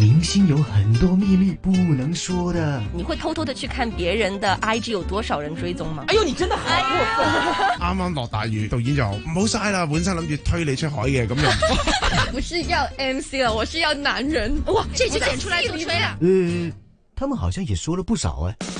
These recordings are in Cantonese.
明星有很多秘密不能說的。你會偷偷的去看別人的 IG 有多少人追蹤嗎？哎呦，你真的好，啱、哎、啱落大雨，導演就唔好晒啦，本身諗住推你出海嘅，咁樣 不是要 MC 啊，我是要男人。哇，這就剪出來就吹呀！嗯、呃，他們好像也說了不少哎、啊。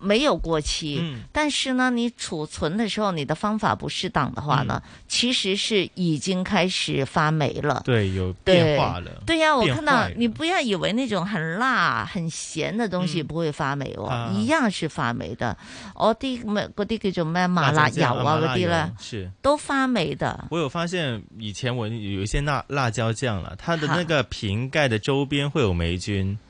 沒有過期、嗯，但是呢，你儲存的時候你的方法不適當的話呢、嗯，其實是已經開始發霉了。對，有變化了。對呀、啊，我看到你不要以為那種很辣、很鹹的東西不會發霉哦，嗯啊、一樣是發霉的。啊、我個咩嗰啲叫做咩麻辣油啊嗰啲咧，是都發霉的。我有發現，以前我有一些辣辣椒醬了，它的那個瓶蓋的周邊會有霉菌。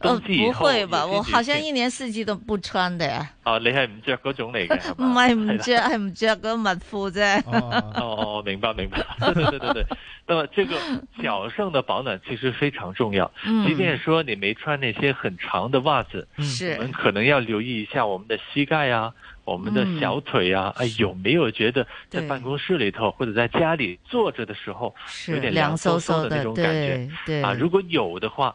哦，不會吧？我好像一年四季都不穿的，啊啊不 啊嗯啊。哦，你係唔着嗰種嚟嘅？唔係唔着，係唔着嗰襪褲啫。哦，明白明白。對對對對對。那麼 這個腳上的保暖其實非常重要。嗯。即便說你沒穿那些很長的襪子，嗯，我們可能要留意一下我們的膝蓋啊，嗯、我們的小腿啊，哎、嗯啊，有沒有覺得在辦公室裏頭或者在家裏坐着的時候有點涼颼颼的，的那種感覺？對對。啊，如果有的話，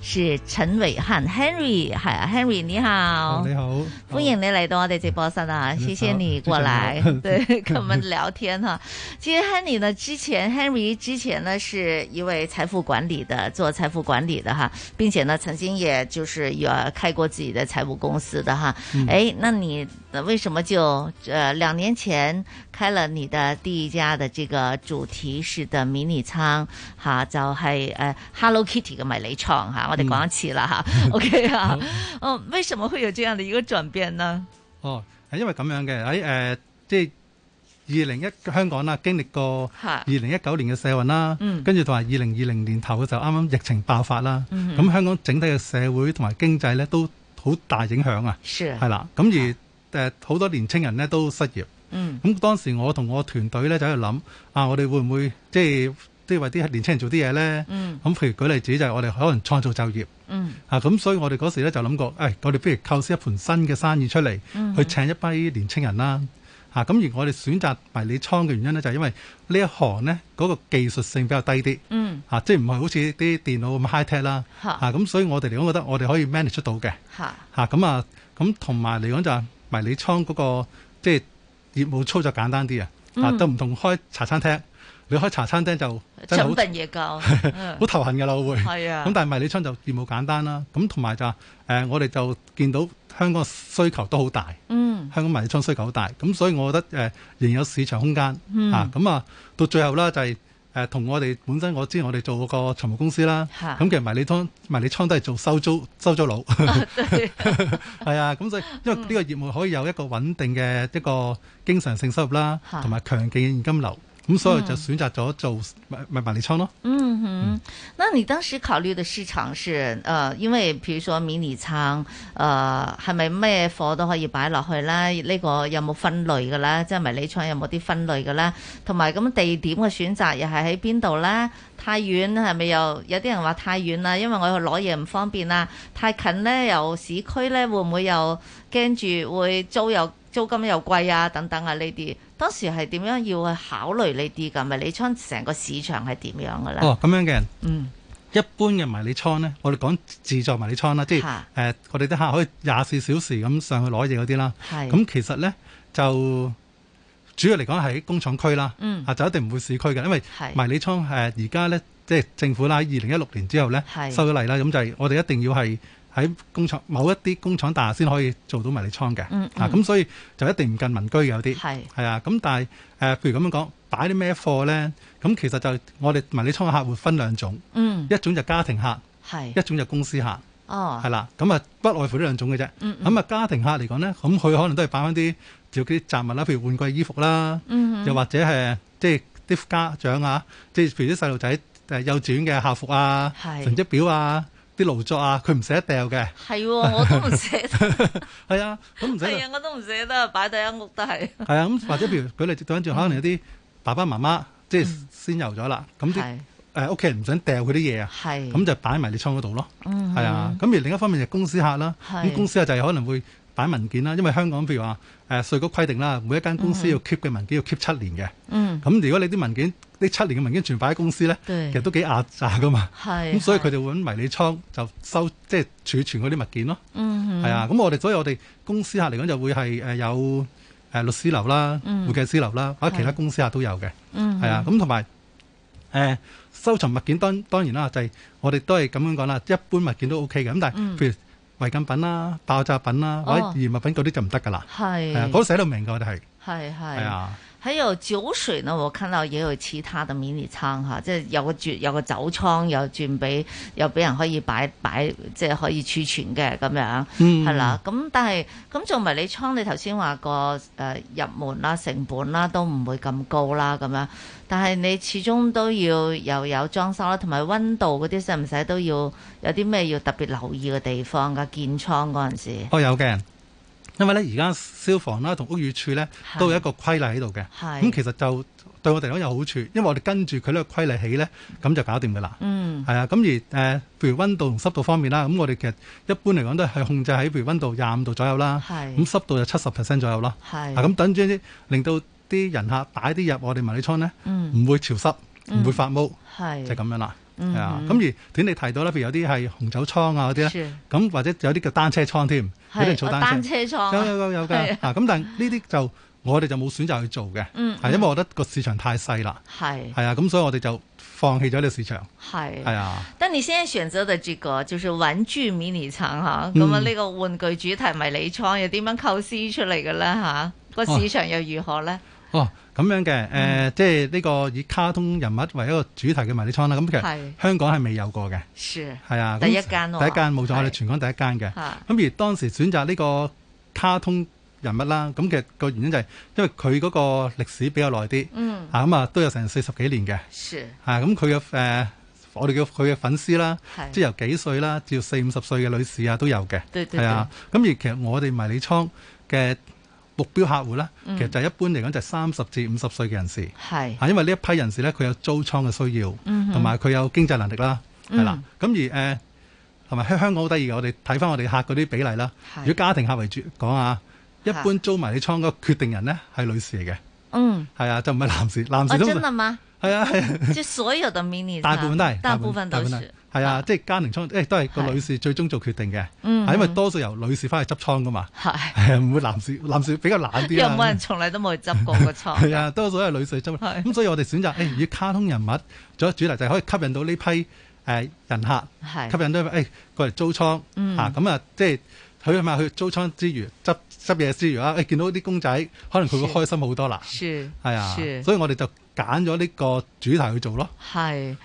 是陳偉漢 Henry 係 Henry 你好，oh, 你好，歡迎你來到我哋直播室啊！Oh. 謝謝你過來，oh. 對，跟、oh. 我們聊天哈。其 實 Henry 呢，之前 Henry 之前呢，是一位財富管理的，做財富管理的哈，並且呢，曾經也就是有開過自己的財務公司的哈。哎、嗯，那你為什麼就，呃兩年前開了你的第一家的這個主題式的迷你倉？哈，叫係呃 Hello Kitty 嘅迷你倉哈。我哋講一次啦，哈、嗯、OK 啊，嗯，為什麼會有這樣的一個轉變呢？哦，係因為咁樣嘅喺誒，即係二零一香港啦，經歷過二零一九年嘅社運啦、嗯，跟住同埋二零二零年頭嘅時候，啱啱疫情爆發啦，咁、嗯、香港整體嘅社會同埋經濟咧都好大影響啊，係啦，咁而誒好、呃、多年青人咧都失業，嗯，咁、嗯、當時我同我團隊咧就喺度諗，啊，我哋會唔會即係？即係為啲年青人做啲嘢咧，咁、嗯、譬如舉例子就係我哋可能創造就業，嚇、嗯、咁、啊、所以我哋嗰時咧就諗過，誒、哎、我哋不如構思一盤新嘅生意出嚟、嗯，去請一批年青人啦，嚇、啊、咁而我哋選擇迷你倉嘅原因咧就係、是、因為呢一行咧嗰、那個技術性比較低啲，嚇、嗯啊、即係唔係好似啲電腦咁 high tech 啦、啊，嚇、啊、咁、啊啊、所以我哋嚟講覺得我哋可以 manage 到嘅，嚇咁啊咁同埋嚟講就迷你倉嗰個即係、就是、業務操作簡單啲啊，嚇都唔同開茶餐廳。你開茶餐廳就搶定嘢㗎，好 頭痕㗎啦會。係啊，咁但係迷你倉就業務簡單啦。咁同埋就誒、呃，我哋就見到香港需求都好大。嗯。香港迷你倉需求好大，咁所以我覺得誒仍、呃、有市場空間嚇。咁、嗯、啊，到最後啦就係、是、誒，同、呃、我哋本身我知道我哋做個財務公司啦。咁、啊、其實迷你倉迷你倉都係做收租收租佬。係啊，咁、啊 啊、所以因為呢個業務可以有一個穩定嘅、嗯、一個經常性收入啦，同埋強勁現金流。咁、嗯、所以就選擇咗做迷迷你倉咯。嗯哼、嗯，那你當時考慮的市場是，誒、呃，因為譬如說迷你倉，誒、呃，係咪咩貨都可以擺落去咧？呢、這個有冇分類嘅咧？即係迷你倉有冇啲分類嘅咧？同埋咁地點嘅選擇又係喺邊度咧？太遠係咪又有啲人話太遠啦？因為我去攞嘢唔方便啊。太近咧，又市區咧，會唔會又驚住會租又？租金又貴啊，等等啊呢啲，當時係點樣要去考慮呢啲㗎？迷你倉成個市場係點樣嘅咧？哦，咁樣嘅，嗯，一般嘅迷你倉咧，我哋講自助迷你倉啦，即係誒、呃，我哋啲客可以廿四小時咁上去攞嘢嗰啲啦。係，咁其實咧就主要嚟講係喺工廠區啦，嗯，啊就一定唔會市區嘅，因為迷你倉誒而家咧即係政府啦，二零一六年之後咧收咗嚟啦，咁就係我哋一定要係。喺工廠某一啲工廠大廈先可以做到迷你倉嘅，啊咁所以就一定唔近民居嘅有啲，係啊咁但係誒，譬如咁樣講，擺啲咩貨咧？咁其實就我哋迷你倉嘅客戶分兩種，嗯、一種就家庭客，一種就公司客，係啦，咁啊不外乎呢兩種嘅啫。咁啊家庭客嚟講咧，咁佢可能都係擺翻啲自己啲雜物啦，譬如換季衣服啦、嗯嗯，又或者係即係啲家長啊，即係譬如啲細路仔誒幼稚園嘅校服啊，成績表啊。啲勞作啊，佢唔捨得掉嘅。係喎、啊，我都唔捨得。係 啊，咁唔捨得。係啊，我都唔捨得擺第一屋都係。係 啊，咁或者譬如舉例，再跟住可能有啲爸爸媽媽即係、嗯就是、仙遊咗啦，咁啲係屋企人唔想掉佢啲嘢啊，咁就擺埋你倉嗰度咯。係啊，咁而另一方面就公司客啦，咁公司客就可能會。擺文件啦，因為香港譬如話誒稅局規定啦，每一間公司要 keep 嘅文件要 keep 七年嘅。嗯。咁如果你啲文件呢七年嘅文件全擺喺公司咧，其實都幾壓榨㗎嘛。係。咁所以佢哋揾迷你倉就收即係儲存嗰啲物件咯。嗯。係啊，咁我哋所以我哋公司客嚟講就會係誒、呃、有誒律師樓啦、嗯、會計師樓啦，或者其他公司客都有嘅。嗯。係啊，咁同埋誒收藏物件當當然啦，就係、是、我哋都係咁樣講啦，一般物件都 OK 嘅。咁但係、嗯、譬如。違禁品啦、啊、爆炸品啦、啊哦，或者易物品嗰啲就唔得㗎啦。係，嗰、啊、都寫到明㗎，我哋係。係係。係啊。喺有酒水呢？我看到也有其他的迷你倉吓，即係有個轉有個酒倉，有轉俾有俾人可以擺擺，即係可以儲存嘅咁樣，係、嗯、啦。咁但係咁做迷你倉，你頭先話個誒入門啦、成本啦都唔會咁高啦咁樣，但係你始終都要又有裝修啦，同埋温度嗰啲使唔使都要有啲咩要特別留意嘅地方㗎，建倉嗰陣時？哦，有嘅。因為咧，而家消防啦、啊、同屋宇署咧都有一個規例喺度嘅，咁、嗯、其實就對我哋嚟講有好處，因為我哋跟住佢呢個規例起咧，咁就搞掂噶啦。嗯，係啊，咁而誒，譬、呃、如温度同濕度方面啦、啊，咁、嗯、我哋其實一般嚟講都係控制喺譬如温度廿五度左右啦，咁濕度就七十 percent 左右咯。係，咁、啊嗯、等住令到啲人客擺啲入我哋迷你倉咧，唔、嗯、會潮濕，唔、嗯、會發毛、嗯，就咁、是、樣啦。係、嗯、啊，咁而點你提到咧，譬如有啲係紅酒倉啊嗰啲咧，咁、啊、或者有啲叫單車倉添。單單車倉，有有有嘅。吓咁、啊啊，但係呢啲就我哋就冇選擇去做嘅，係、嗯、因為我覺得個市場太細啦，係係啊，咁、啊、所以我哋就放棄咗呢個市場，係係啊，啊。但你先選擇的這個就係玩具迷你倉吓，咁啊呢個玩具主題迷你倉又點樣構思出嚟嘅咧吓？個、啊、市場又如何咧？啊啊咁樣嘅，呃嗯，即係呢個以卡通人物為一個主題嘅迷你倉啦。咁其實香港係未有過嘅，係啊，第一間，第一間冇錯，我哋全港第一間嘅。咁而當時選擇呢個卡通人物啦，咁其實個原因就係因為佢嗰個歷史比較耐啲，嗯，啊咁啊都有成四十幾年嘅，係咁佢嘅誒，我哋叫佢嘅粉絲啦，即係由幾歲啦，至四五十歲嘅女士啊都有嘅，係啊。咁而其實我哋迷你倉嘅。目標客戶咧，其實就係一般嚟講，就三十至五十歲嘅人士，係吓，因為呢一批人士咧，佢有租倉嘅需要，同埋佢有經濟能力啦，係、嗯、啦。咁而誒，同埋喺香港好得意嘅，我哋睇翻我哋客嗰啲比例啦。如果家庭客為主講啊，一般租埋啲倉嘅決定人咧係女士嚟嘅，嗯，係啊，就唔係男士，男士都係、哦、啊係、啊。就所有嘅，mini，大部分都係，大部分都係。係啊，即、就、係、是、家庭倉誒、哎、都係個女士最終做決定嘅，係、嗯、因為多數由女士返去執倉噶嘛，係唔會男士，男士比較懶啲。又有冇人從嚟都冇執過個倉？係 啊，多數都係女士執，咁、嗯、所以我哋選擇誒以、哎、卡通人物做主題，就係可以吸引到呢批誒、呃、人客，係吸引到誒、哎、過嚟租倉嚇，咁、嗯、啊、嗯嗯嗯、即係佢係咪去租倉之餘執。濕嘢思如啊，誒、哎、見到啲公仔，可能佢會開心好多啦。樹係是啊，啊所以我哋就揀咗呢個主題去做咯。係，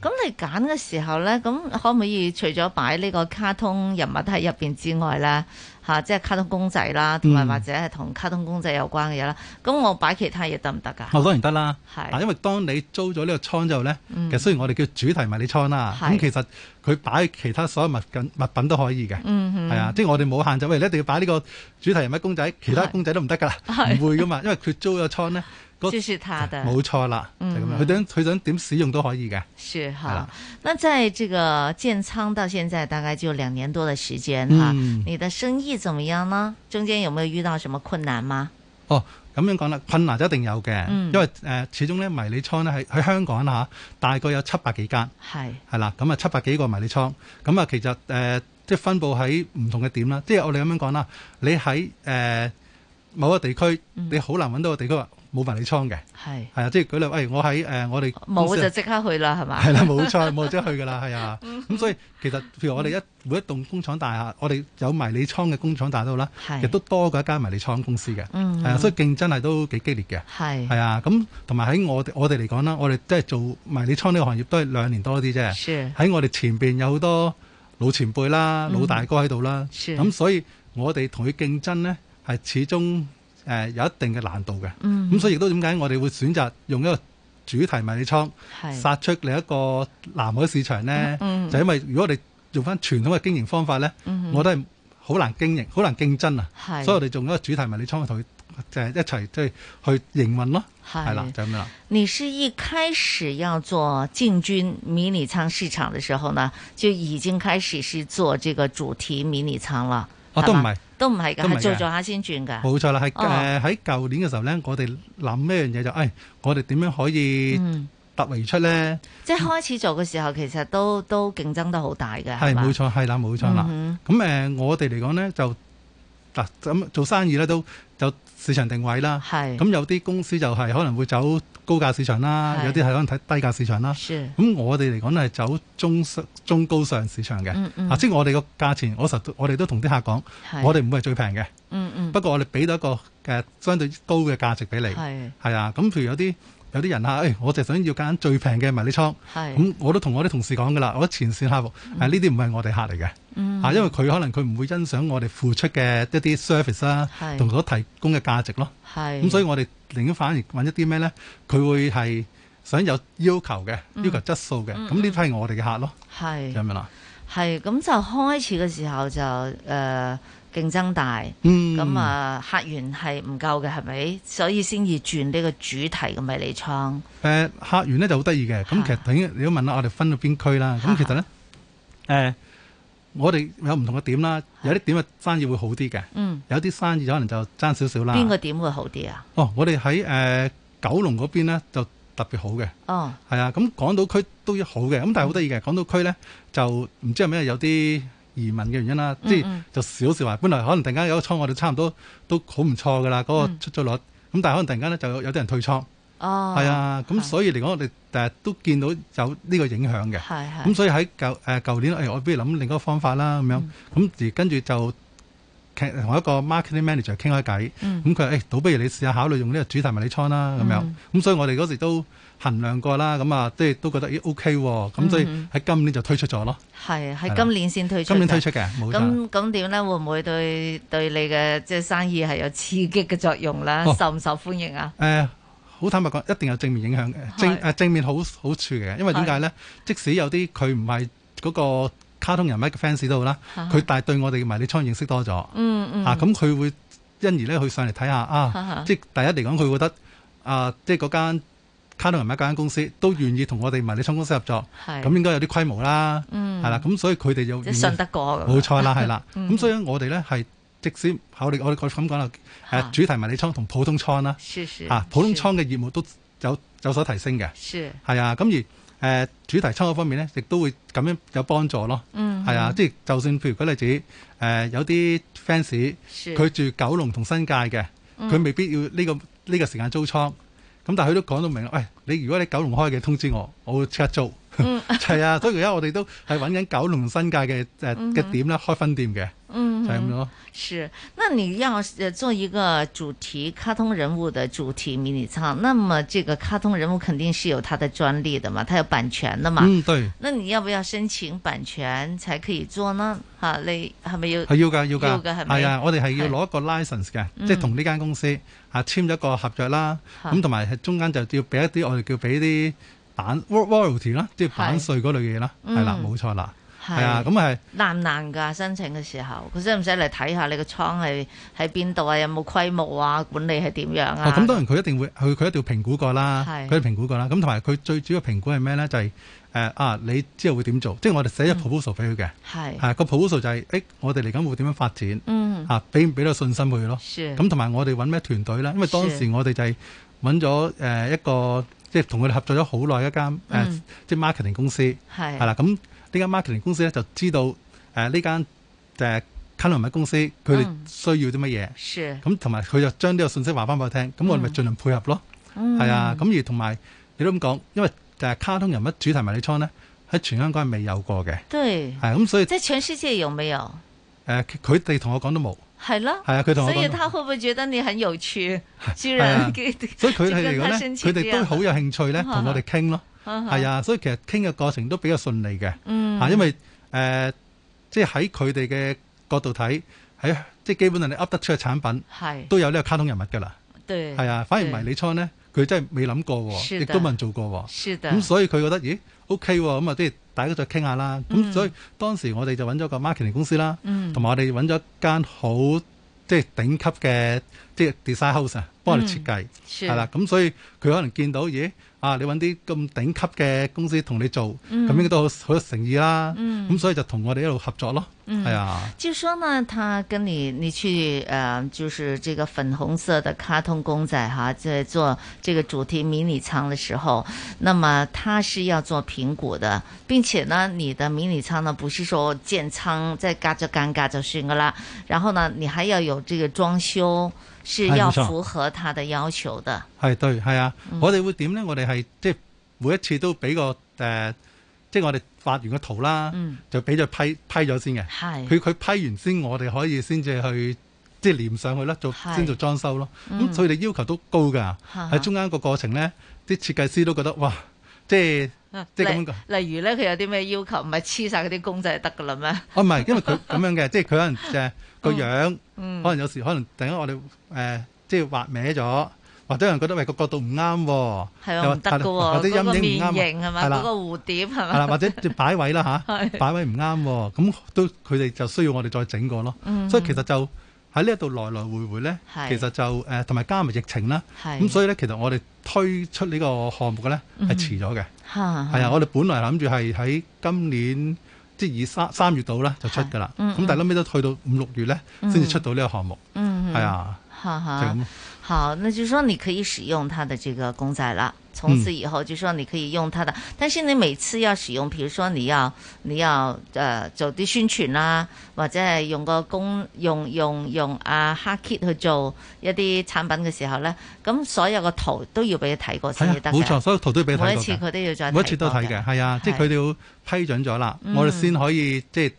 咁你揀嘅時候咧，咁可唔可以除咗擺呢個卡通人物喺入邊之外咧？嚇、啊，即係卡通公仔啦，同埋或者係同卡通公仔有關嘅嘢啦。咁、嗯、我擺其他嘢得唔得㗎？我、哦、當然得啦。係，因為當你租咗呢個倉之後咧、嗯，其實雖然我哋叫主題迷你倉啦，咁其實佢擺其他所有物品物品都可以嘅。嗯，嗯啊，嗯即係我哋冇限制，喂、哎，你一定要擺呢個主題人物公仔，其他公仔都唔得㗎啦，唔會㗎嘛，因為佢租咗個倉咧。就是他的，冇錯啦，嗯、佢想佢想點使用都可以嘅，係啦。那在這個建倉到現在大概就兩年多的時間、嗯、你的生意怎麼樣呢？中間有沒有遇到什麼困難嗎？哦，咁樣講啦，困難就一定有嘅、嗯，因為誒、呃，始終咧迷你倉咧喺喺香港吓、啊，大概有七百幾間，係係啦，咁啊、嗯、七百幾個迷你倉，咁、嗯、啊其實誒、呃，即係分布喺唔同嘅點啦，即係我哋咁樣講啦，你喺誒、呃、某個地區，你好難搵到個地區、嗯冇迷你倉嘅，係係啊，即係舉例，誒、哎，我喺誒、呃，我哋冇就即刻去啦，係嘛？係啦、啊，冇錯，冇即刻去㗎啦，係啊。咁、 嗯嗯嗯、所以其實譬如我哋一每一棟工廠大廈，我哋有迷你倉嘅工廠大廈都好啦，亦都多過一間迷你倉公司嘅，係、嗯、啊，所以競爭係都幾激烈嘅，係、嗯、係啊。咁同埋喺我我哋嚟講啦，我哋即係做迷你倉呢個行業都係兩年多啲啫。喺我哋前邊有好多老前輩啦、嗯、老大哥喺度啦，咁、嗯嗯、所以我哋同佢競爭呢，係始終。誒、呃，有一定嘅難度嘅，咁、嗯嗯、所以亦都點解我哋會選擇用一個主題迷你倉，殺出嚟一個藍海市場咧、嗯？就因為如果我哋用翻傳統嘅經營方法咧、嗯，我都係好難經營，好難競爭啊！所以我哋用一個主題迷你倉去同佢就係一齊即係去營運咯，係啦，就咁樣啦。你是一開始要做進軍迷你倉市場嘅時候呢，就已經開始是做這個主題迷你倉了？啊，都唔係。都唔係噶，係做做下先轉噶。冇錯啦，係誒喺舊年嘅時候咧，我哋諗呢樣嘢就誒，我哋點樣可以突圍而出咧？即係開始做嘅時候，其實都都競爭得好大嘅，係嘛？係冇錯，係啦，冇錯啦。咁誒，我哋嚟講咧，就嗱咁做生意咧，都就市場定位啦。係咁，有啲公司就係可能會走高價市場啦，有啲係可能睇低價市場啦。咁、嗯、我哋嚟講呢係走中中高上市場嘅、嗯嗯。啊，即係我哋個價錢，我實我哋都同啲客講，我哋唔係最平嘅、嗯嗯。不過我哋俾到一個、啊、相對高嘅價值俾你。係啊，咁、嗯、譬如有啲有啲人啊，誒、哎，我就想要揀最平嘅迷你倉。咁、嗯嗯、我都同我啲同事講噶啦，我前線下、啊、我客服呢啲唔係我哋客嚟嘅。嚇、嗯啊，因為佢可能佢唔會欣賞我哋付出嘅一啲 service 啦、啊、同所提供嘅價值咯。咁、嗯、所以我哋。寧願反而揾一啲咩咧？佢會係想有要求嘅，嗯，要求質素嘅。咁呢批係我哋嘅客咯，係咁樣啦。係咁就開始嘅時候就誒，呃、競爭大，咁、嗯、啊客源係唔夠嘅，係咪？所以先至轉呢個主題嘅迷你倉。誒、呃、客源咧就好得意嘅，咁其實等於你要問下、啊、我哋分到邊區啦？咁其實咧誒。啊我哋有唔同嘅點啦，有啲點嘅生意會好啲嘅，有啲生意可能就爭少少啦。邊、嗯、個點會好啲啊？哦，我哋喺誒九龍嗰邊咧就特別好嘅，係、哦、啊，咁、嗯、港島區都好嘅，咁但係好得意嘅港島區咧就唔知係咩，有啲移民嘅原因啦，即、嗯、係、嗯、就少少話。本來可能突然間有個倉我哋差唔多都好唔錯噶啦，嗰、嗰個出租率，咁、嗯、但係可能突然間咧就有有啲人退倉。哦，係啊，咁、嗯嗯、所以嚟講，我哋誒都見到有呢個影響嘅，係係。咁、嗯、所以喺舊誒舊年，誒、哎、我不如諗另一個方法啦，咁樣咁跟住就同一個 marketing manager 傾下偈，咁佢誒，倒不如你試下考慮用呢個主題迷你倉啦，咁樣咁，所以我哋嗰時都衡量過啦，咁、嗯、啊，即係都覺得誒 O K 喎，咁、嗯嗯、所以喺今年就推出咗咯。係喺今年先推出、啊。今年推出嘅，冇錯。咁咁點咧？會唔會對對你嘅即係生意係有刺激嘅作用咧、哦？受唔受歡迎啊？誒、呃。好坦白講，一定有正面影響嘅，正誒、呃、正面好好處嘅。因為點解咧？即使有啲佢唔係嗰個卡通人物嘅 fans 都好啦，佢、啊、但係對我哋迷你倉認識多咗。嗯嗯。啊，咁佢會因而咧，去上嚟睇下啊，即係第一嚟講，佢覺得啊、呃，即係嗰間卡通人物嗰間公司都願意同我哋迷你倉公司合作，咁應該有啲規模啦，係、嗯、啦。咁所以佢哋就信得過。冇錯啦，係 啦。咁所以我哋咧係即使考慮，我哋咁講啦。啊、主題迷你倉同普通倉啦，啊是是普通倉嘅業務都有有所提升嘅，係啊，咁而、呃、主題倉嗰方面咧，亦都會咁樣有幫助咯，係、嗯、啊，即係就算譬如舉例子、呃、有啲 fans 佢住九龍同新界嘅，佢未必要呢、呢個呢、呢個時間租倉，咁、嗯、但係佢都講到明啦，喂、哎，你如果你九龍開嘅，通知我，我會即刻租，係、嗯、 啊，所以而家我哋都係揾緊九龍新界嘅誒嘅點啦，開分店嘅。.嗯，係咁咯。是，那你要做一個主題卡通人物的主題迷你倉，那麼這個卡通人物肯定是有他的專利的嘛，他有版權的嘛。嗯，對。那你要不要申請版權才可以做呢？吓，你係咪要？係要噶，要噶。要噶係啊，我哋係要攞一個 license 嘅，即係同呢間公司、嗯、啊簽咗一個合約啦。咁同埋中間就要俾一啲，我哋叫俾啲版 royalty 啦，即係版稅嗰類嘢啦。係啦，冇錯啦。係啊，咁係難唔難㗎？申請嘅時候，佢使唔使嚟睇下你個倉係喺邊度啊？有冇規模啊？管理係點樣啊？咁、哦嗯、當然佢一定會佢佢一定要評估過啦。佢評估過啦。咁同埋佢最主要的評估係咩咧？就係、是、誒、呃、啊！你之後會點做？即係我哋寫咗 proposal 俾佢嘅。係、啊、個 proposal 就係、是、誒、欸，我哋嚟緊會點樣發展？嗯，嚇俾唔俾到信心佢咯？咁同埋我哋揾咩團隊咧？因為當時我哋就係揾咗誒一個即係同佢哋合作咗好耐一間誒、嗯啊、即係 marketing 公司係啦咁。呢間 marketing 公司咧，就知道誒，呢間誒卡通人物公司佢哋需要啲乜嘢，咁同埋佢就將呢個信息話翻俾我聽，咁我哋咪盡量配合咯，係、嗯、啊，咁而同埋你都咁講，因為誒、呃、卡通人物主題迷你倉咧喺全香港係未有過嘅，係啊，咁、嗯、所以即係全世界有沒有？誒、呃，佢哋同我講都冇，係咯，係啊，佢同我所以他會唔會覺得你很有趣？居然，啊居然啊，所以佢哋佢哋都好有興趣咧，同我哋傾咯。係 啊，所以其實傾嘅過程都比較順利嘅，吓、嗯，因為誒、呃，即係喺佢哋嘅角度睇，喺、哎、即係基本上你 up 得出嘅產品，係都有呢個卡通人物噶啦，係啊，反而迷你倉咧，佢真係未諗過，亦都冇人做過，咁、嗯、所以佢覺得，咦，OK，咁啊，即係大家再傾下啦。咁、嗯嗯、所以當時我哋就揾咗個 marketing 公司啦，同、嗯、埋我哋揾咗一間好即係頂級嘅即係 design house 啊，幫我哋設計係啦。咁、嗯、所以佢可能見到，咦？啊！你搵啲咁頂級嘅公司同你做，咁、嗯、應該都好有誠意啦。咁、嗯嗯、所以就同我哋一路合作咯，係、嗯、啊、哎。就說呢，他跟你你去誒、呃，就是這個粉紅色的卡通公仔哈、啊，在做這個主題迷你倉的時候，那麼他是要做評估的。並且呢，你的迷你倉呢，不是說建倉再嘎著杆，就算噶啦，然後呢，你還要有這個裝修。是要符合他的要求的。係對，係啊，我哋會點咧？我哋係即係每一次都俾個誒、呃，即係我哋發完個圖啦、嗯，就俾佢批批咗先嘅。係佢佢批完先，我哋可以先至去即係粘上去啦，做先做裝修咯。咁所以你要求都高噶，喺中間個過程咧，啲設計師都覺得哇，即係即係咁樣。例,例如咧，佢有啲咩要求，唔係黐晒嗰啲公仔就得噶啦咩？哦，唔係，因為佢咁 樣嘅，即係佢可能就個、嗯、樣子。嗯、可能有時可能，突然間我哋誒、呃、即係畫歪咗，或者有人覺得喂個角度唔啱、啊，係啊唔得嘅或者陰影唔啱、啊，係、那、啦、個，嗰、嗰個蝴蝶係嘛，係啦，或者擺位啦嚇，擺位唔啱、啊，咁都佢哋就需要我哋再整過咯、嗯。所以其實就喺呢一度來來回回咧，其實就誒同埋加埋疫情啦，咁、嗯、所以咧其實我哋推出呢個項目嘅咧係遲咗嘅，係、嗯、啊，我哋本來諗住係喺今年。即係二三三月度咧就出㗎啦，咁、嗯嗯、但係臨尾都去到五六月咧先至出到呢個項目，係嗯啊嗯、哎嗯嗯嗯，就咁。好，那就說你可以使用它的這個公仔啦。從此以後，就說你可以用它的，嗯、但係你每次要使用，譬如說你要你要誒、呃、做啲宣傳啦、啊，或者係用個公用用用阿 Hack Kit 去做一啲產品嘅時候咧，咁所有個圖都要俾佢睇過先得。冇錯，所有圖都要俾佢睇過。每一次佢都要再睇。每一次都睇嘅，係啊，啊，即係佢哋要批准咗啦、啊，我哋先可以、嗯、即係。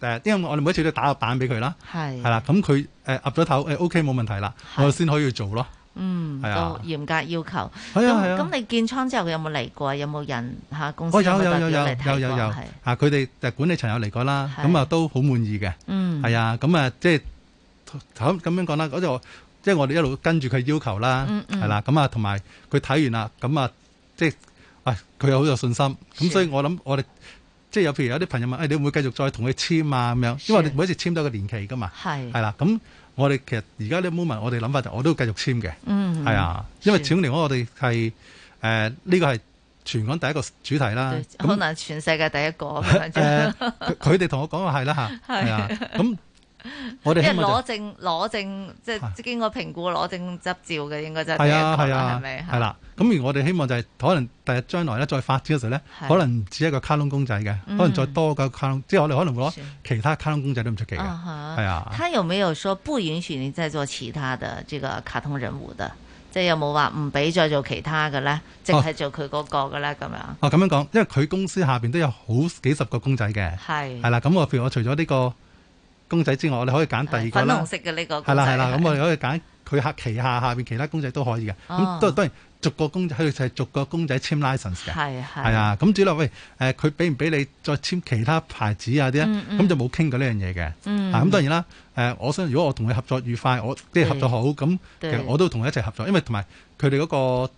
誒，因為我哋每一次都打個版俾佢啦，係啦，咁佢誒岌咗頭，誒、哎、OK 冇問題啦，我先可以做咯。嗯，係啊，嚴格要求。係啊係啊，咁你建倉之後佢有冇嚟過？有冇人嚇、啊、公司有有、哦？有的有的有有有有有嚇，佢哋管理層有嚟過啦。咁啊都好滿意嘅。嗯，係啊，咁啊即係咁咁樣講啦。嗰度即係我哋一路跟住佢要求啦。嗯，係啦，咁啊同埋佢睇完啦，咁啊即係佢又好有很多信心。咁、嗯、所以我諗我哋。即係有譬如有啲朋友問，誒、哎、你會唔會繼續再同佢簽啊咁樣？因為我哋每一次簽都係個年期㗎嘛，係啦。咁我哋其實而家 moment，我哋諗法就我都會繼續簽嘅，係、嗯、啊、嗯，因為始終嚟講我哋係誒呢個係全港第一個主題啦。可能全世界第一個，佢哋同我講話係啦嚇，係啊咁。 我哋一攞證，攞證即係經過評估攞證執照嘅，應該就係啊，係啊，係咪？係啦，咁而我哋希望就係可能第日將來咧再發展嘅時候咧，可能唔止一個卡通公仔嘅，可能再多個卡通，即係我哋可能會攞其他卡通公仔都唔出奇嘅，係啊。他有沒有說不允許你再做其他的這個卡通人物的？即係有冇話唔俾再做其他嘅咧？淨係做佢嗰個嘅咧？咁樣哦，咁樣講，因為佢公司下邊都有好幾十個公仔嘅，係係啦。咁我譬如我除咗呢個。公仔之外，你可以揀第二個啦。粉紅色嘅呢個公仔。係啦係啦，咁我哋可以揀佢客旗下下邊其他公仔都可以嘅。咁、哦、都當然逐個公仔喺度就係逐個公仔簽 license 嘅。係係。啊，咁至於喂，誒、呃，佢俾唔俾你再簽其他牌子、嗯嗯嗯、啊啲咁就冇傾過呢樣嘢嘅。咁當然啦。誒、呃，我想如果我同佢合作愉快，我即係合作好，咁其實我都同佢一齊合作，因為同埋佢哋嗰個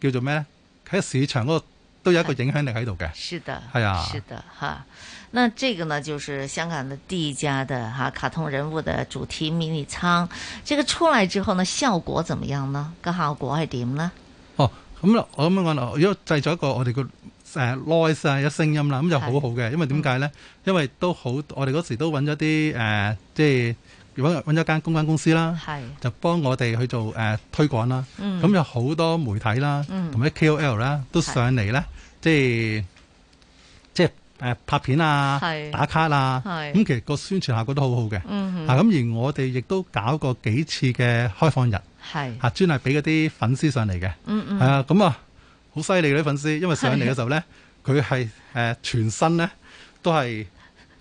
叫做咩咧？喺市場嗰、那個都有一個影響力喺度嘅。係啊。係啊。係啊，嚇。那這個呢，就是香港的第一家的哈、啊、卡通人物的主題迷你倉，這個出來之後呢，效果怎麼樣呢？個效果係點呢？哦、咁、嗯、我咁樣講，如果製作一個我哋個誒 noise 啊有聲音啦，咁就好好嘅，因為點解呢、嗯？因為都好，我哋嗰時都揾咗啲誒，即係揾揾咗間公關公司啦，就幫我哋去做誒、呃、推廣啦。咁、嗯、有好多媒體啦、同、嗯、啲 KOL 啦、啊、都上嚟咧，即係。誒拍片啊，打卡啦、啊，咁、嗯、其實個宣傳效果都好好嘅。嗱、嗯，咁、啊、而我哋亦都搞過幾次嘅開放日，嚇、啊、專係俾嗰啲粉絲上嚟嘅。係、嗯嗯、啊，咁、嗯、啊，好犀利嗰啲粉絲，因為上嚟嘅時候咧，佢係誒全身咧都係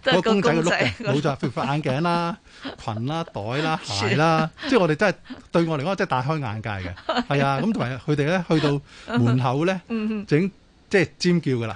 個公仔嘅碌嘅，冇錯，譬如眼鏡啦、啊、裙 啦、啊、袋啦、啊、鞋 啦、啊，即係我哋真係對我嚟講真係大開眼界嘅。係 啊，咁同埋佢哋咧去到門口咧，整、嗯、即係尖叫㗎喇。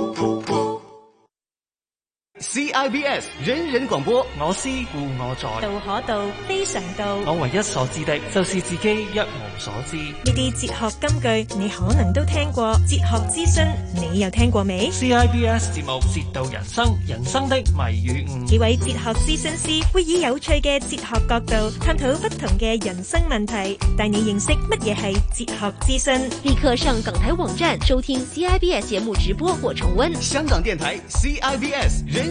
C I B S 人人廣播，我思故我在，道可道非常道。我唯一所知的，就是自己一無所知。呢啲哲學金句，你可能都聽過。哲學諮詢，你又聽過未？C I B S 節目哲道人生，人生的謎語。幾位哲學諮詢師會以有趣嘅哲學角度探討不同嘅人生問題，帶你認識乜嘢係哲學諮詢。立刻上港台網站收聽 C I B S 節目直播或重温。香港電台 C I B S。CIBS,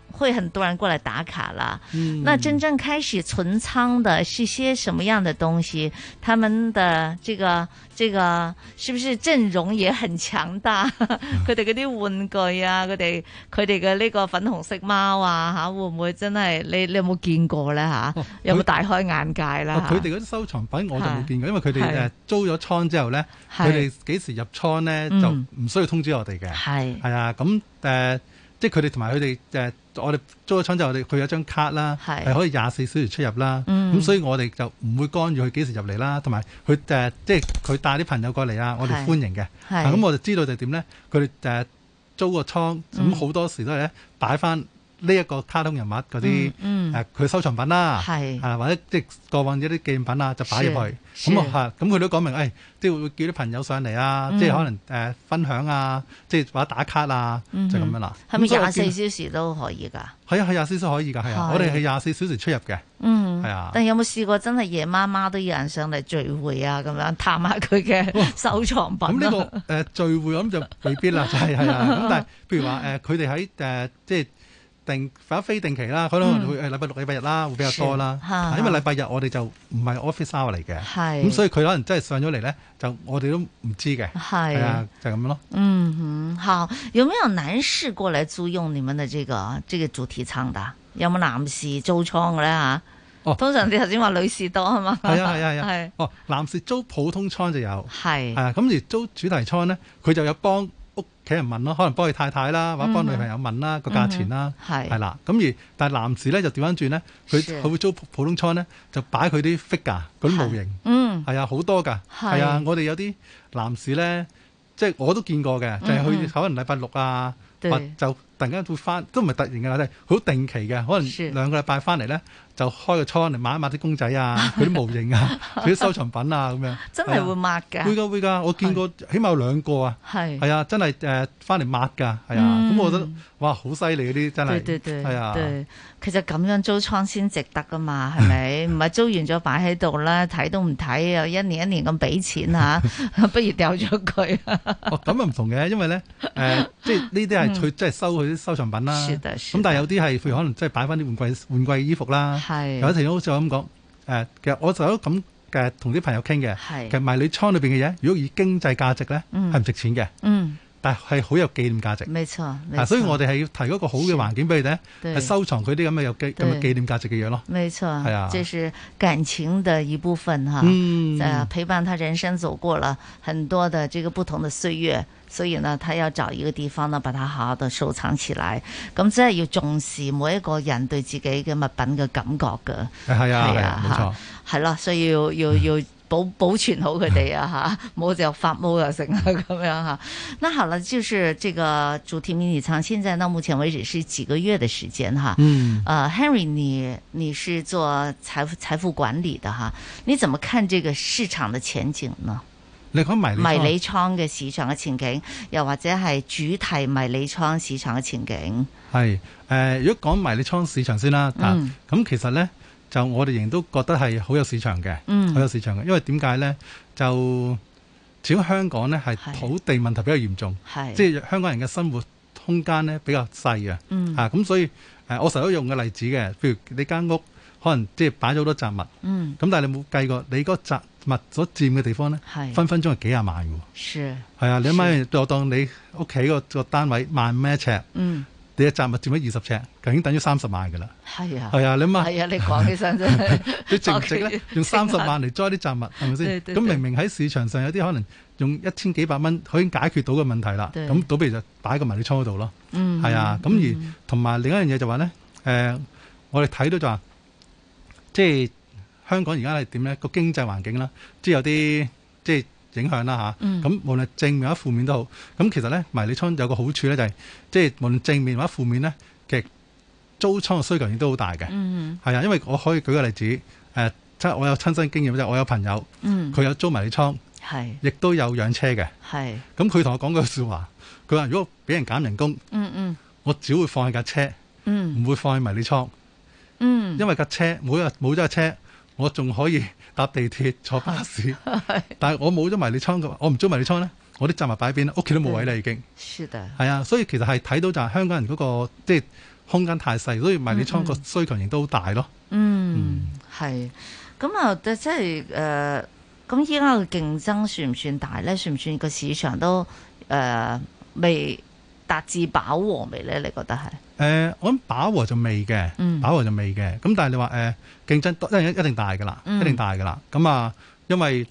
會很多人過來打卡啦，嗯，那真正開始存倉的是些什麼樣的東西？他們的這個這個是不是陣容也很強大？佢哋嗰啲玩具啊，佢哋佢哋嘅呢個粉紅色貓啊，吓會唔會真係？你你有冇見過咧？吓，哦，有冇大開眼界啦？佢哋嗰啲收藏品我就冇見過，因為佢哋誒租咗倉之後咧，佢哋幾時入倉咧，嗯，就唔需要通知我哋嘅。係係啊，咁誒。呃即係佢哋同埋佢哋誒，我哋租個倉就我哋佢有張卡啦，係、呃、可以廿四小時出入啦。咁、嗯嗯、所以我哋就唔會干預佢幾時入嚟啦。同埋佢誒，即係佢帶啲朋友過嚟啊，我哋歡迎嘅。咁我就知道就點咧？佢哋、呃、租個倉，咁、嗯、好、嗯、多時都係咧擺翻。呢、這、一個卡通人物嗰啲誒，佢、嗯嗯、收藏品啦、啊，係啊，或者即、就是、過往嗰啲紀念品啊，就擺入去。咁啊嚇，咁、嗯、佢都講明，誒、哎，即會叫啲朋友上嚟啊、嗯，即可能誒、呃、分享啊，即或者打卡啊，嗯、就咁、是、樣啦、啊。係咪廿四小時都可以㗎？係啊，係廿四小時可以㗎。係啊，是我哋係廿四小時出入嘅。嗯，係啊。但有冇試過真係夜媽媽都有人上嚟聚會啊？咁樣探下佢嘅收藏品、啊。咁、哦、呢、這個誒、呃、聚會咁就未必啦， 就係係啦。咁、啊、但係譬如話誒，佢哋喺誒即。定或者非定期啦，佢可能會、嗯、禮拜六禮拜日啦，會比較多啦。嚇，係因為禮拜日我哋就唔係 office hour 嚟嘅，咁、嗯、所以佢可能真係上咗嚟咧，就我哋都唔知嘅。係啊，就係咁咯。嗯哼，好，有冇有男士過嚟租用你哋嘅呢、呢個呢個主題倉嘅？有冇男士租倉嘅咧嚇？哦，通常你頭先話女士多吖嘛？係、哦、啊係啊係、啊啊啊。哦，男士租普通倉就有。係係啊，咁而租主題倉咧，佢就有幫，睇人問咯，可能幫佢太太啦，或者幫女朋友問啦個、mm-hmm. 價錢啦，係、mm-hmm. 啦。咁而但係男士咧就調翻轉咧，佢佢會租普通倉咧，就擺佢啲 figure 嗰啲模型，係啊，好多㗎，係啊我哋有啲男士咧，即係我都見過嘅，mm-hmm. 就係去可能禮拜六啊，mm-hmm. 或就突然間會翻，都唔係突然嘅，即係好定期嘅，可能兩個禮拜翻嚟咧。就開個倉嚟抹一抹啲公仔啊，佢啲模型啊，佢 啲收藏品啊咁樣，真係會抹噶。會噶會噶，我見過，起碼有兩個啊。係係啊，真係誒翻嚟抹噶，係啊。咁、嗯、我覺得哇，好犀利嗰啲真係。對係啊。其實咁樣租倉先值得噶嘛，係 咪？唔係租完咗擺喺度啦，睇都唔睇，又一年一年咁俾錢嚇， 不如掉咗佢。 哦，咁啊唔同嘅，因為咧誒、呃，即係呢啲係佢即係收佢啲收藏品啦、啊嗯。是咁但係有啲係譬如可能即係擺翻啲換季換季衣服啦、啊。係，有啲朋友好似我咁講，誒，其實我成日都咁誒同啲朋友傾嘅，其實賣你倉裏邊嘅嘢，如果以經濟價值咧，係、嗯、唔值錢嘅。嗯。但係好有紀念價值。冇錯，冇錯，所以我哋係要提一個好嘅環境俾佢哋，係收藏佢啲咁嘅有紀咁嘅紀念價值嘅嘢咯。冇錯，係啊，即、就是感情的一部分嚇，誒、嗯啊，陪伴他人生走過了很多嘅呢個不同的歲月，所以呢，他要找一個地方呢把他好好地收藏起來，咁即係要重視每一個人對自己嘅物品嘅感覺嘅。係啊，係啊，冇、啊、錯，係咯、啊，所以要要。保保存好佢哋啊吓，冇 就發毛啊成啊咁樣吓。那好了，就是這個主題迷你倉，現在到目前為止是幾個月的時間哈、啊。嗯。誒、uh,，Henry，你你是做財富財富管理的哈、啊，你怎麼看這個市場的前景呢？你講埋迷你倉嘅市場嘅前景，又或者係主題迷你倉市場嘅前景？係誒、呃，如果講迷你倉市場先啦，咁、嗯啊、其實咧。就我哋仍然都覺得係好有市場嘅，好、嗯、有市場嘅，因為點解咧？就始終香港咧係土地問題比較嚴重，即係香港人嘅生活空間咧比較細、嗯、啊。嚇咁所以誒、呃，我成日都用嘅例子嘅，譬如你間屋可能即係擺咗好多雜物，咁、嗯、但係你冇計過你嗰雜物所佔嘅地方咧，分分鐘係幾廿萬嘅。係啊，你咪我當你屋企個個單位萬咩尺？嗯。你嘅雜物佔咗二十尺，就已經等於三十萬㗎啦。係啊，係啊，你諗下。係啊，你講起身啫、 啊。你值唔值咧？Okay, 用三十萬嚟栽啲雜物係咪先？咁 明明喺市場上有啲可能用一千幾百蚊可以解決到嘅問題啦。咁倒不如就擺個迷你倉嗰度咯。嗯，係啊。咁而同埋、嗯嗯、另一樣嘢就話咧，誒、呃，我哋睇到就話，即係香港而家係點咧？個經濟環境啦，即係有啲即係。影響啦吓，咁無論正面或者負面都好，咁其實咧迷你倉有個好處咧就係、是，即係無論正面或者負面咧，其實租倉嘅需求亦都好大嘅，係、嗯、啊，因為我可以舉個例子，誒，即係我有親身經驗，即係我有朋友，佢有租迷你倉，係、嗯，亦都有養車嘅，係，咁佢同我講句説話，佢話如果俾人減人工，嗯嗯，我只會放喺架車，唔、嗯、會放喺迷你倉，嗯，因為架車每日冇咗架車，我仲可以，搭地鐵坐巴士， 但係我冇咗迷你倉嘅，我唔租迷你倉咧，我啲雜物擺邊屋企都冇位啦已經。是係啊，所以其實係睇到就係香港人嗰、那個即係、就是、空間太細，所以迷你倉個需求亦都好大咯。嗯，係。咁、嗯、啊，即係誒，咁依家嘅競爭算唔算大咧？算唔算個市場都誒、呃、未？達至飽和未咧？你覺得係？誒、呃，我諗飽和就未嘅、嗯，飽和就未嘅。咁但係你話誒、呃、競爭一定一定大嘅啦、嗯，一定大嘅啦。咁、嗯、啊，因為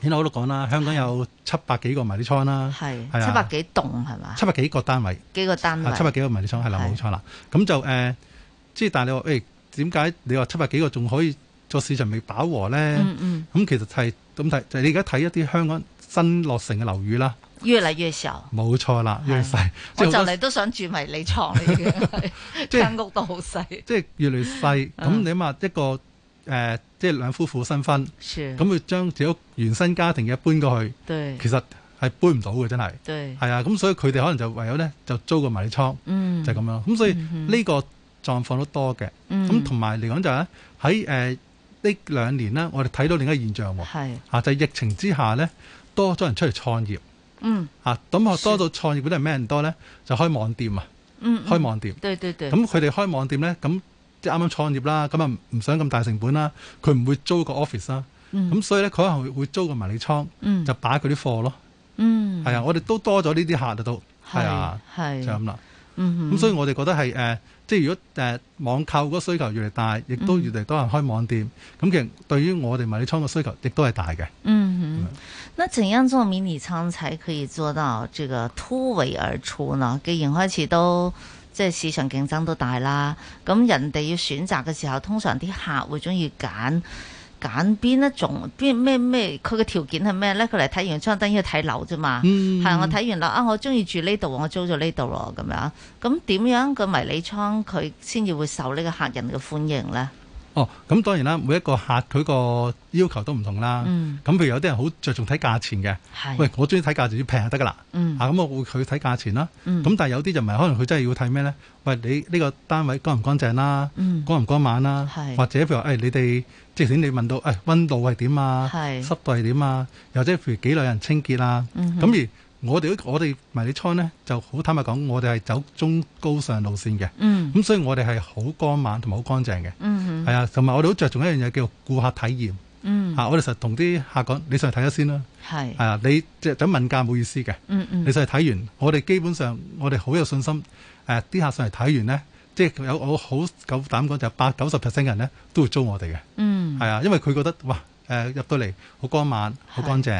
先頭我都講啦，香港有七百幾個迷你倉啦，係七百幾棟係嘛，七百幾個單位，幾個單位，啊、七百幾個迷你倉係啦，冇錯啦。咁就誒，即、呃、係但係你話誒點解你話七百幾個仲可以做市場未飽和咧？咁、嗯嗯嗯嗯、其實係咁睇，就係你而家睇一啲香港新落成嘅樓宇啦。越嚟越細，冇錯啦，越細。我就嚟都想住迷你倉嚟嘅，間、 就是、 屋都好細。即係越嚟越細，咁、嗯、你起碼一個誒、呃，即係兩夫婦新婚，咁佢將自己原生家庭嘅搬過去，對其實係搬唔到嘅，真係。係啊，咁所以佢哋可能就唯有咧，就租個迷你倉、嗯，就咁、是、樣。咁所以呢個狀況都多嘅。咁同埋嚟講就喺喺誒呢兩年呢，我哋睇到另一個現象，吓、啊、就是、疫情之下呢，多咗人出嚟創業。嗯，嚇，咁啊多到創業嗰啲係咩人多咧？就開網店啊，嗯、開網店、嗯。對對對。咁佢哋開網店咧，咁即係啱啱創業啦，咁啊唔想咁大成本啦，佢唔會租個 office 啦，咁、嗯、所以咧佢可能會租個迷你倉、嗯，就擺佢啲貨咯。嗯，係啊，我哋都多咗呢啲客就啊到，係啊，啊，啊，就咁啦。嗯哼，咁所以我哋覺得係誒、呃，即係如果誒、呃、網購嗰個需求越嚟大，亦都越嚟多人開網店，咁、嗯、其實對於我哋迷你倉嘅需求亦都係大嘅。嗯哼。嗯那怎樣做迷你倉才可以做到這個突圍而出呢？既然開始都，即係市場競爭都大啦。咁人哋要選擇嘅時候，通常啲客會中意揀揀邊一種，邊咩咩？佢嘅條件係咩咧？佢嚟睇完倉，等於睇樓啫嘛。係、嗯、我睇完樓啊，我中意住呢度，我租咗呢度咯。咁樣，咁點樣個迷你倉佢先至會受呢個客人嘅歡迎咧？哦，咁當然啦，每一個客佢個要求都唔同啦。咁、嗯、譬如有啲人好着重睇價錢嘅，喂，我中意睇價錢要平就得噶啦。咁、嗯啊、我會佢睇價錢啦。咁、嗯、但係有啲就唔係，可能佢真係要睇咩咧？喂，你呢個單位乾唔乾淨啦、啊嗯？乾唔乾凈啦、啊？或者譬如誒、哎，你哋即係你問到誒，温、哎、度係點啊？濕度係點啊？又或者譬如幾耐人清潔啊？咁、嗯、而。我哋都我哋迷你倉咧，就好坦白講，我哋係走中高上路線嘅。嗯，咁、嗯、所以我哋係好光猛同埋好乾淨嘅。嗯哼，係、嗯、啊，同埋我哋好着重一樣嘢叫顧客體驗。嗯，嚇、啊，我哋實同啲客講，你上嚟睇下先啦。係，係啊，你即係想問價冇意思嘅。嗯嗯，你上嚟睇完，我哋基本上我哋好有信心。誒、啊，啲客上嚟睇完咧，即係有我好夠膽講，就係八九十 percent 嘅人咧都會租我哋嘅。嗯，係啊，因為佢覺得哇～誒入到嚟好光猛，好乾淨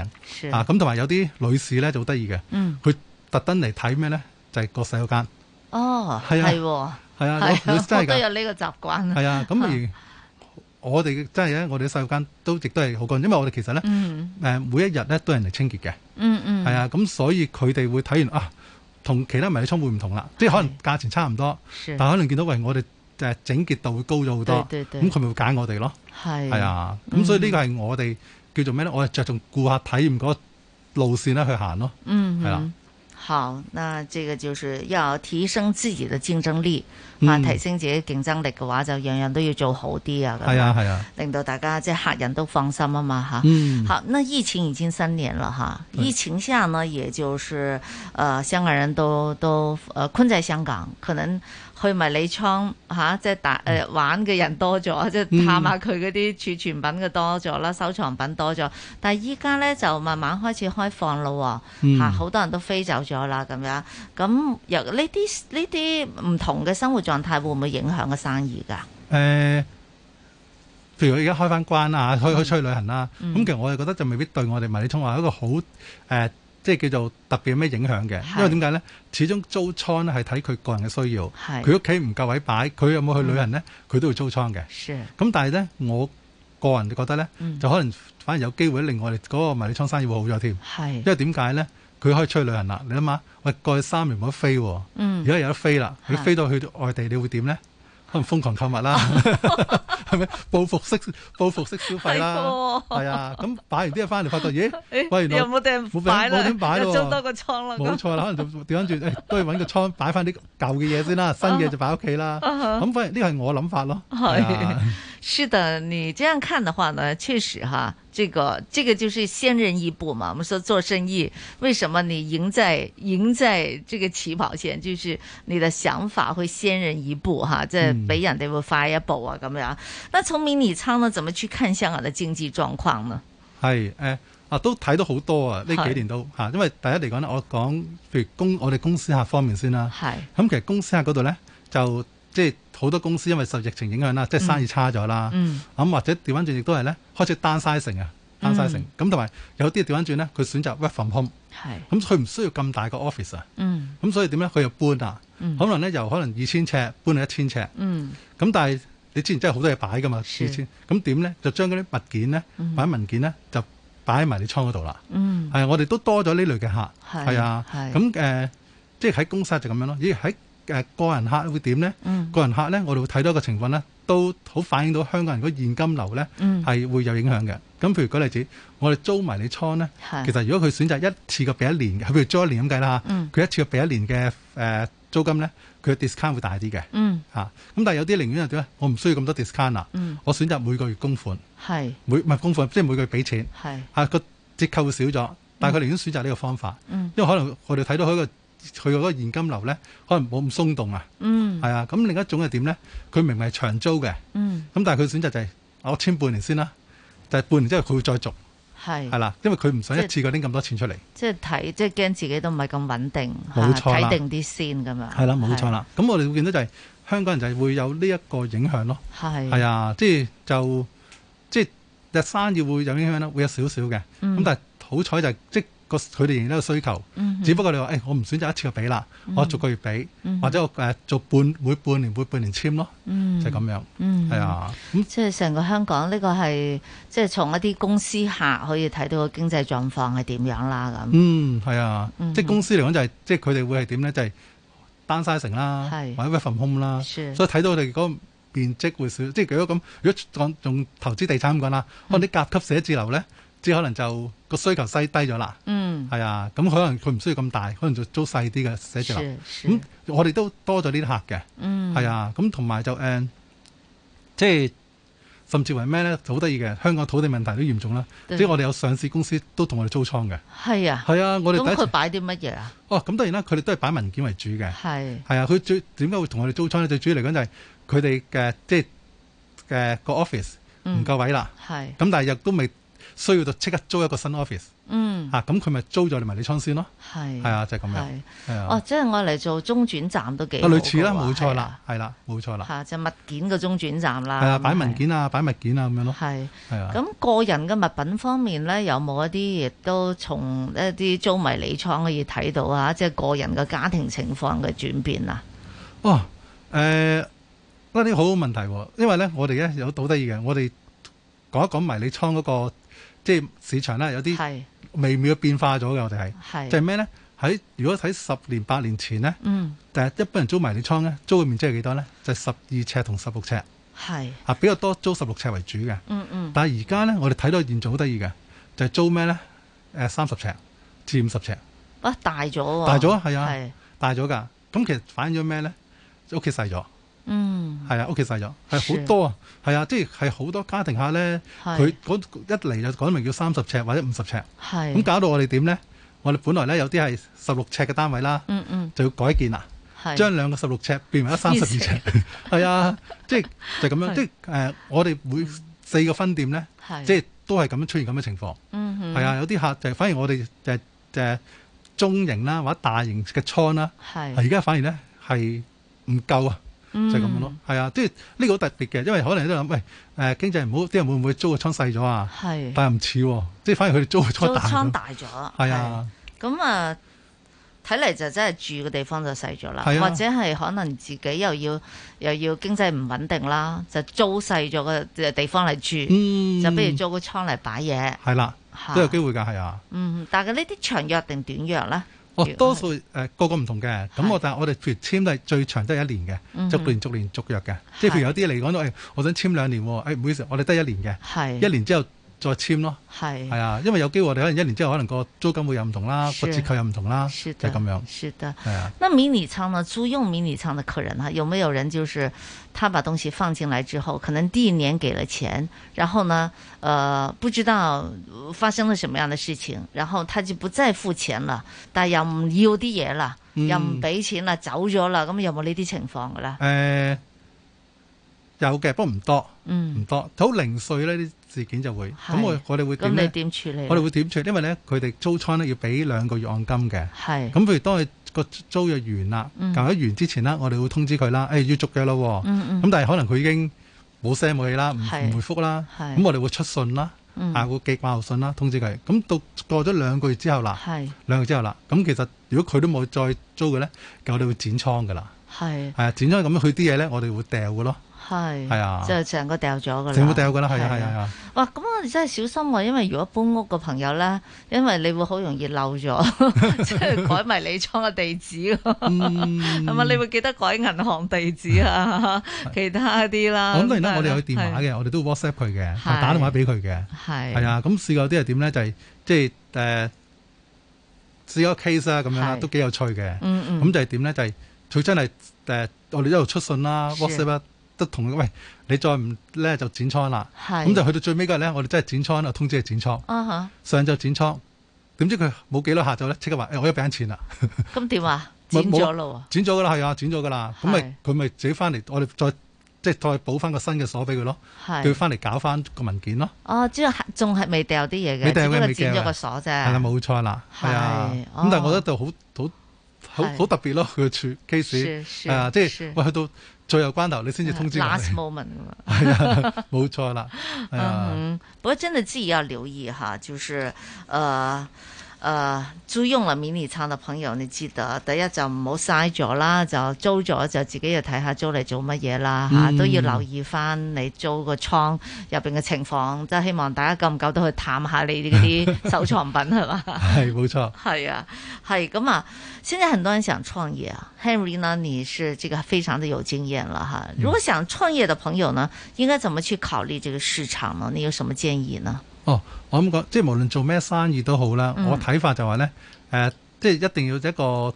啊！咁同埋有啲女士咧就好得意嘅，佢特登嚟睇咩咧？就係、是、個洗手間。哦，係啊，係啊，啊啊真係噶。我都有呢個習慣。係啊，咁、嗯、而我哋真係咧，我哋洗手間都亦都係好乾淨，因為我哋其實咧誒、嗯、每一日咧都係人嚟清潔嘅。嗯嗯。係啊，咁、嗯、所以佢哋會睇完啊，同其他迷你倉會唔同啦，即係可能價錢差唔多，但係可能見到喂，我哋。誒整潔度會高咗好多，咁佢咪會揀我哋咯？係啊，咁、嗯、所以呢個係我哋叫做咩咧？我就着重顧客體驗嗰個路線咧去行咯。嗯，係啦、啊。好，那呢個就是要提升自己嘅競爭力，啊、嗯，提升自己競爭力嘅話，就樣樣都要做好啲啊。係啊，係啊，令到大家即係、就是、客人都放心啊嘛吓，嗯，好。那疫情已經新年三年啦吓，疫情之下呢，也就是誒、呃、香港人都都誒、呃、困在香港，可能。去迷你倉吓、啊，即係打誒、呃、玩嘅人多咗，即係探下佢嗰啲儲存品嘅多咗啦、嗯，收藏品多咗。但係依家咧就慢慢開始開放咯吓，好多人都飛走咗啦，咁樣咁由呢啲呢啲唔同嘅生活狀態會唔會影響個生意噶？誒、呃，譬如我而家開翻關啦，可以出去旅行啦。咁、嗯、其實我哋覺得就未必對我哋迷你倉話一個好誒。呃即係叫做特別有咩影響嘅，因為點解咧？始終租倉咧係睇佢個人嘅需要，佢屋企唔夠位擺，佢有冇去旅行咧？佢、嗯、都會租倉嘅。咁但係咧，我個人覺得咧，就可能反而有機會令我哋嗰個迷你倉生意會好咗添。因為點解咧？佢可以出去旅行啦，你諗下，喂過去三年冇、嗯、得飛，如果有得飛啦，佢飛到去到外地，你會點咧？可能瘋狂購物啦，係、啊、咪 報復式報復式消費啦？係啊，咁擺、啊、完啲嘢翻嚟發覺，咦？又冇訂冇點擺，又裝多個倉啦。冇、啊、錯啦，可能調翻轉，都係揾個倉擺翻啲舊嘅嘢先啦，新嘅就擺屋企啦。咁、啊、反而呢個係我諗法咯是、哎呀。是的，你這樣看的話呢，確實哈。這個這個就是先人一步嘛，我們說做生意，為什麼你贏在贏在這個起跑線，就是你的想法會先人一步哈，即係比人哋會快一步啊咁、嗯啊、樣。那從迷你倉呢，怎麼去看香港的經濟狀況呢？係誒，啊、呃、都睇到好多啊，呢幾年都吓，因為大家嚟講呢，我講，譬如公我哋公司客方面先啦，係，咁、嗯、其實公司客嗰度咧就即。好多公司因為受疫情影響啦，即係生意差咗啦。咁或者調翻轉亦都係咧，開始 downsizing 啊，downsizing。咁同埋有啲調翻轉咧，佢選擇 work from home。係，咁佢唔需要咁大個 office 啊。嗯。咁、嗯嗯嗯嗯、所以點咧，佢就搬啊、嗯。可能咧，由可能二千尺搬到一千尺。嗯。咁但係你之前真係好多嘢擺㗎嘛？二千。咁點咧？就將嗰啲物件咧，擺喺文件咧，就擺喺埋你倉嗰度啦。嗯。係、嗯嗯嗯嗯，我哋都多咗呢類嘅客。係。啊。係。咁、嗯、誒，即係喺公司就咁樣咯。咦？喺誒個人客會點咧、嗯？個人客咧，我哋會睇到一個情況咧，都好反映到香港人個現金流咧，係、嗯、會有影響嘅。咁譬如舉例子，我哋租迷你倉咧，其實如果佢選擇一次過俾一年嘅，譬如租一年咁計啦，佢一次過俾一年嘅、呃、租金咧，佢嘅 discount 會大啲嘅。咁但係有啲寧願係點咧？我唔需要咁多 discount 啊、嗯！我選擇每個月供款，每唔係供款，即、就、係、是、每個月俾錢，嚇個折扣會少咗，但佢寧願選擇呢個方法、嗯，因為可能我哋睇到佢、一個。佢個嗰現金流咧，可能冇咁鬆動啊。嗯，係啊。咁另一種係點咧？佢明明係長租嘅。嗯。咁但係佢選擇就係、是、我簽半年先啦。就係、是、半年之後佢會再續。係。係啦、啊，因為佢唔想一次過拎咁多錢出嚟。即係睇，即係驚自己都唔係咁穩定。冇錯啦。睇定啲先㗎嘛。係啦，冇錯啦。咁、啊啊啊、我哋會見到就係香港人就係會有呢一個影響咯。係。係啊，即係就即係日生意會有影響啦，會有少少嘅。咁、嗯、但係好彩就係、是、即。就是個佢哋仍然都有需求，mm-hmm. 只不過你話誒、欸，我唔選擇一次就俾啦，mm-hmm. 我逐個月俾，或者我誒逐半每半年每半年簽咯，就咁樣，係啊，即係成個香港呢個係即係從一啲公司客可以睇到個經濟狀況係點樣啦咁。嗯，係啊，即係公司嚟講就係，即係佢哋會係點咧，就係單晒成啦，或者一份空啦，所以睇到我哋嗰個面積會少。即係如果咁，如果講仲投資地產咁啦，可能啲甲級寫字樓咧。Mm-hmm. 即係可能就個需求細低咗啦，嗯，係啊，咁可能佢唔需要咁大，可能就租細啲嘅寫字樓。咁我哋都多咗呢啲客嘅，嗯，係、嗯、啊，咁同埋就誒、嗯，即係甚至為咩咧？好得意嘅，香港土地問題都嚴重啦。即係我哋有上市公司都同我哋租倉嘅，係啊，係啊，我哋咁佢擺啲乜嘢啊？哦，咁當然啦，佢哋都係擺文件為主嘅，係係啊。佢最點解會同我哋租倉咧？最主要嚟講就係佢哋嘅即係嘅個 office 唔夠位啦，係、嗯。咁但係亦都未需要就即刻租一個新 office。嗯。嚇、啊，咁佢咪租咗啲迷你倉先咯。係。係啊，就係、係、咁樣。係。係啊。哦，即係我嚟做中轉站都幾。啊，類似啦，冇、啊、錯啦，係啦、啊，冇、啊、錯啦。嚇、啊，就係、物件個中轉站啦。係啊，啊，擺文件啊，啊擺物件啊，擺物件啊，咁樣咯。係。係啊。咁、咁個人嘅物品方面咧，有冇一啲亦都從一啲租迷你倉可以睇到啊？即、就、係、係、個人嘅家庭情況嘅轉變啊？哦，誒、呃，嗰啲好好問題喎、啊，因為咧，我哋咧有倒得意嘅，我哋講一講迷你倉嗰、嗰個。即係市場啦，有啲微妙嘅變化咗嘅。我哋係即係咩咧？喺是如果喺十年八年前咧，但係、嗯、一般人租迷你倉咧，租嘅面積係幾多咧？就係十二尺同十六尺，係啊，是比較多租十六尺為主嘅、嗯。嗯嗯。但係而家咧，我哋睇到現象好得意嘅就係、是、租咩咧？誒三十尺至五十尺啊，大咗、哦、大咗係啊，是大咗㗎。咁其實反映咗咩咧？屋企細咗。嗯，係啊，屋企細咗，係好多啊，係啊，即係好多家庭客咧，佢一嚟就講明要三十尺或者五十尺，係咁搞到我哋點咧？我哋本來咧有啲係十六尺嘅單位啦，嗯嗯，就要改建啦，係將兩個十六尺變為一三十二尺，係 啊，即係就咁樣，即係誒，我哋每四個分店咧，即係都係咁樣出現咁嘅情況，嗯係、嗯、啊，有啲客就是、反而我哋就誒、是就是、中型啦或者大型嘅倉啦，係而家反而咧係唔夠啊。嗯、就咁、係、樣咯，係啊，即係呢個好特別嘅，因為可能啲人諗，喂、哎，誒、呃、經濟唔好，啲人會唔會租個倉細咗啊？係，但係唔似喎，即係反而佢哋租個倉大咗。係啊，咁啊，睇嚟就真係住嘅地方就細咗啦，或者係可能自己又要又要經濟唔穩定啦，就租細咗嘅地方嚟住、嗯，就不如租個倉嚟擺嘢。係啦、啊，都有機會㗎，係啊。嗯、但係呢啲長約定短約咧？哦，多數，呃、我多數誒個個，唔同嘅，咁我但係我哋譬如簽都係最長得一年嘅，逐年逐年續約嘅。即係譬如有啲嚟講到，誒，我想簽兩年喎，哦，哎，唔好意思，我哋得一年嘅，一年之後。再簽咯，係，係啊，因為有機會，我哋可能一年之後，可能個租金會又唔同啦，個折扣又唔同啦，就咁樣。是的，係啊。那迷你倉呢？租用迷你倉嘅客人啊，有冇有人就是他把東西放進來之後，可能第一年給了錢，然後呢，呃，不知道發生了什麼樣的事情，然後他就不再付錢了，但又唔要啲嘢啦，又唔俾錢啦，走咗啦，咁有冇呢啲情況噶啦？誒、嗯、呃，有嘅，不過唔多，嗯，唔多，好零碎呢啲。事件就會咁我我哋會點？咁你點處理？我哋會點處理？因為咧，佢哋租倉咧要俾兩個月按金嘅。係。咁譬如當佢個租約完啦，但、嗯、喺完之前啦，我哋會通知佢啦。誒、哎、要續嘅咯、哦。嗯咁、嗯、但係可能佢已經冇聲冇氣啦，唔回覆啦。咁我哋會出信啦、嗯，啊會寄掛號信啦，通知佢。咁到過咗兩個月之後啦，係兩個月之後啦。咁其實如果佢都冇再租嘅咧，咁我哋會剪倉噶啦。係。係啊，剪咗咁佢啲嘢咧，我哋會掉嘅咯。係，就成個，了了、啊、個掉咗噶啦，政府掉噶啦，係啊係啊。哇，咁我哋真係小心喎、啊，因為如果搬屋嘅朋友咧，因為你會好容易漏咗，即係改埋你倉嘅地址，係 咪、嗯？你會記得改銀行地址啊，嗯、其他啲啦。咁當然啦，我哋有電話嘅，我哋都 WhatsApp 佢嘅，打電話俾佢嘅，係啊。咁、啊啊啊啊啊、試過啲係點咧？就係、係、即係誒、uh, 試過 case 啊，咁樣都幾有趣嘅。咁就係點咧？就係佢真係誒，就係 uh, 我哋一路出信啦、嗯、Whats，WhatsApp。同喂，你再唔咧就剪倉啦，咁就去到最尾嗰日咧，我哋真係剪倉啊，通知佢剪倉。啊、uh-huh. 哈！上晝剪倉，點知佢冇幾多下晝咧，即刻話誒，我要俾錢啦。咁 點、嗯、啊？剪咗咯喎！剪咗噶啦，係啊，剪咗噶啦。咁咪佢咪自己翻嚟，我哋再即係、就是、再補翻個新嘅鎖俾佢咯。佢翻嚟搞翻個文件咯。哦，即仲係未掉啲嘢嘅。你掉嘅未掉。不剪咗個鎖啫。係、啊、啦，冇錯啦。係啊。咁、哦、但係我覺得就好好好好特別咯，佢處 case 啊，即係喂去到。最後關頭你先至通知我，last moment，係啊，冇錯啦。嗯、 哎，不、uh-huh. 過真係自己要留意吓，就是誒。呃誒、呃、租用了迷你倉的朋友，你記得第一就唔好嘥咗啦，就租咗就自己又睇下租嚟做乜嘢啦嚇、嗯啊，都要留意翻你租個倉入邊嘅情況，即係希望大家夠唔夠都去探下你啲啲收藏品係嘛？係，冇錯，係 啊，係咁啊！現在很多人想創業啊，Henry 呢，你是這個非常的有經驗了哈。如果想創業的朋友呢，應該怎麼去考慮這個市場呢？你有什麼建議呢？哦。我咁講，即係無論做咩生意都好啦、嗯，我睇法就係、是、咧，誒、呃，即係一定要一個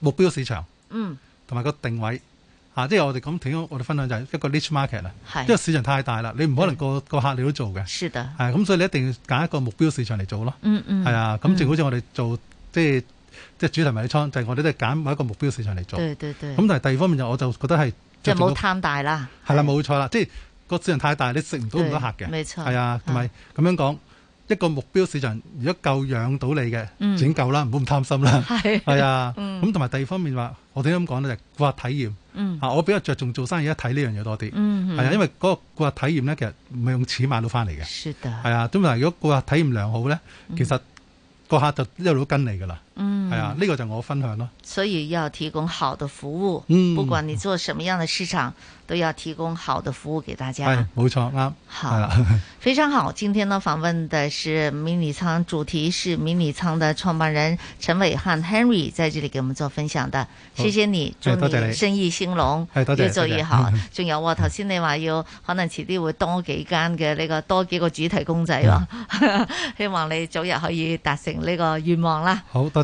目標市場，嗯，同埋個定位嚇、啊，即係我哋咁，我哋分享就係一個 niche market 啊，係，因為市場太大啦，你唔可能個個客你都做嘅，係，咁、啊、所以你一定要揀一個目標市場嚟做咯，嗯係、嗯、啊，咁正好似我哋做、嗯、即係即係主題迷你倉，就係、是、我哋都係揀某一個目標市場嚟做，對對對，咁但係第二方面就我就覺得係就冇、是、貪大啦，係啦，冇錯啦，即係。個市場太大，你食唔到咁多客嘅，係啊，同埋咁樣講、啊，一個目標市場如果夠養到你嘅，整、嗯、夠啦，唔好咁貪心啦，係啊，咁同埋第二方面話，我點解咁講呢就係、顧客體驗、嗯，啊，我比較着重做生意看這一睇呢樣嘢多啲，係、嗯嗯、啊，因為嗰個顧客體驗咧其實唔係用錢買到翻嚟嘅，係啊，咁如果顧客體驗良好咧，其實個客就一路都跟你噶啦。係、嗯、啊，呢、這個就我分享咯。所以要提供好的服務，嗯、不管你做什麼樣的市場、嗯，都要提供好的服務給大家。係，冇錯啱。好、啊，非常好。今天呢訪問的是迷你倉，主題是迷你倉的創辦人陳偉漢 Henry 在這裏給我們做分享的。謝謝你，祝你生意興隆，越做越好。仲 有我，頭先你話要可能遲啲會多幾間嘅呢個多幾個主題公仔咯，啊、 希望你早日可以達成呢個願望啦。好多。